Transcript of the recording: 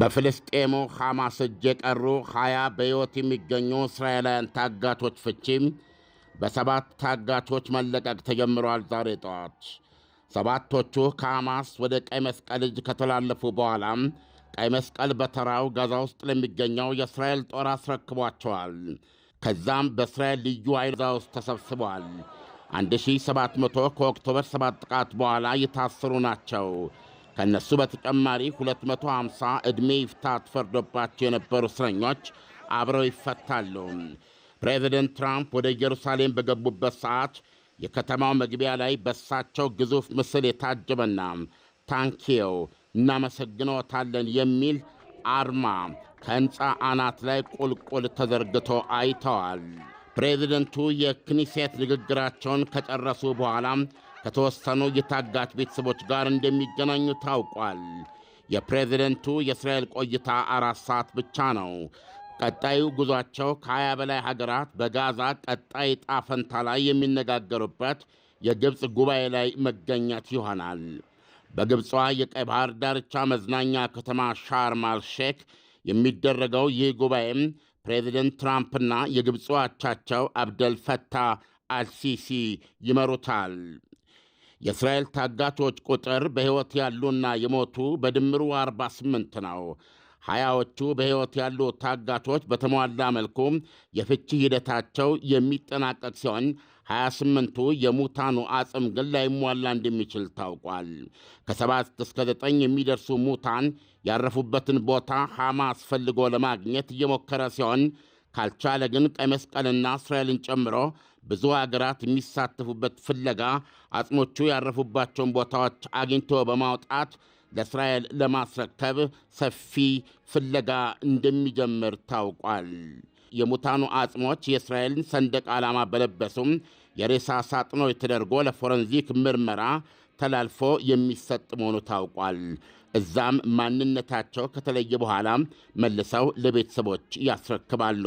በፍልስጤሙ ሐማስ እጅ የቀሩ ሀያ በሕይወት የሚገኙ እስራኤላውያን ታጋቾች ፍቺም በሰባት ታጋቾች መለቀቅ ተጀምረዋል። ዛሬ ጠዋት ሰባቶቹ ከሐማስ ወደ ቀይ መስቀል እጅ ከተላለፉ በኋላም ቀይ መስቀል በተራው ጋዛ ውስጥ ለሚገኘው የእስራኤል ጦር አስረክቧቸዋል። ከዛም በእስራኤል ልዩ ኃይል ጋዛ ውስጥ ተሰብስበዋል። 1700 ከኦክቶበር 7 ጥቃት በኋላ የታሰሩ ናቸው። ከእነሱ በተጨማሪ 250 ዕድሜ ይፍታ ተፈርዶባቸው የነበሩ እስረኞች አብረው ይፈታሉ። ፕሬዚደንት ትራምፕ ወደ ኢየሩሳሌም በገቡበት ሰዓት የከተማው መግቢያ ላይ በሳቸው ግዙፍ ምስል የታጀበና ታንኪው እናመሰግኖታለን የሚል አርማ ከሕንፃ አናት ላይ ቁልቁል ተዘርግቶ አይተዋል። ፕሬዚደንቱ የክኒሴት ንግግራቸውን ከጨረሱ በኋላ ከተወሰኑ የታጋች ቤተሰቦች ጋር እንደሚገናኙ ታውቋል። የፕሬዝደንቱ የእስራኤል ቆይታ አራት ሰዓት ብቻ ነው። ቀጣዩ ጉዟቸው ከ20 በላይ ሀገራት በጋዛ ቀጣይ ጣፈንታ ላይ የሚነጋገሩበት የግብፅ ጉባኤ ላይ መገኘት ይሆናል። በግብፅዋ የቀይ ባህር ዳርቻ መዝናኛ ከተማ ሻርማል ሼክ የሚደረገው ይህ ጉባኤም ፕሬዚደንት ትራምፕና የግብፁ አቻቸው አብደል ፈታህ አልሲሲ ይመሩታል። የእስራኤል ታጋቾች ቁጥር በሕይወት ያሉና የሞቱ በድምሩ 48 ነው። ሀያዎቹ በሕይወት ያሉ ታጋቾች በተሟላ መልኩ የፍቺ ሂደታቸው የሚጠናቀቅ ሲሆን 28ቱ የሙታኑ አጽም ግን ላይሟላ እንደሚችል ታውቋል። ከ7 እስከ 9 የሚደርሱ ሙታን ያረፉበትን ቦታ ሐማስ ፈልጎ ለማግኘት እየሞከረ ሲሆን ካልቻለ ግን ቀይ መስቀልና እስራኤልን ጨምሮ ብዙ አገራት የሚሳተፉበት ፍለጋ አጽሞቹ ያረፉባቸውን ቦታዎች አግኝቶ በማውጣት ለእስራኤል ለማስረከብ ሰፊ ፍለጋ እንደሚጀምር ታውቋል። የሙታኑ አጽሞች የእስራኤልን ሰንደቅ ዓላማ በለበሱም የሬሳ ሳጥኖች ተደርጎ ለፎረንዚክ ምርመራ ተላልፎ የሚሰጥ መሆኑ ታውቋል። እዛም ማንነታቸው ከተለየ በኋላ መልሰው ለቤተሰቦች ያስረክባሉ።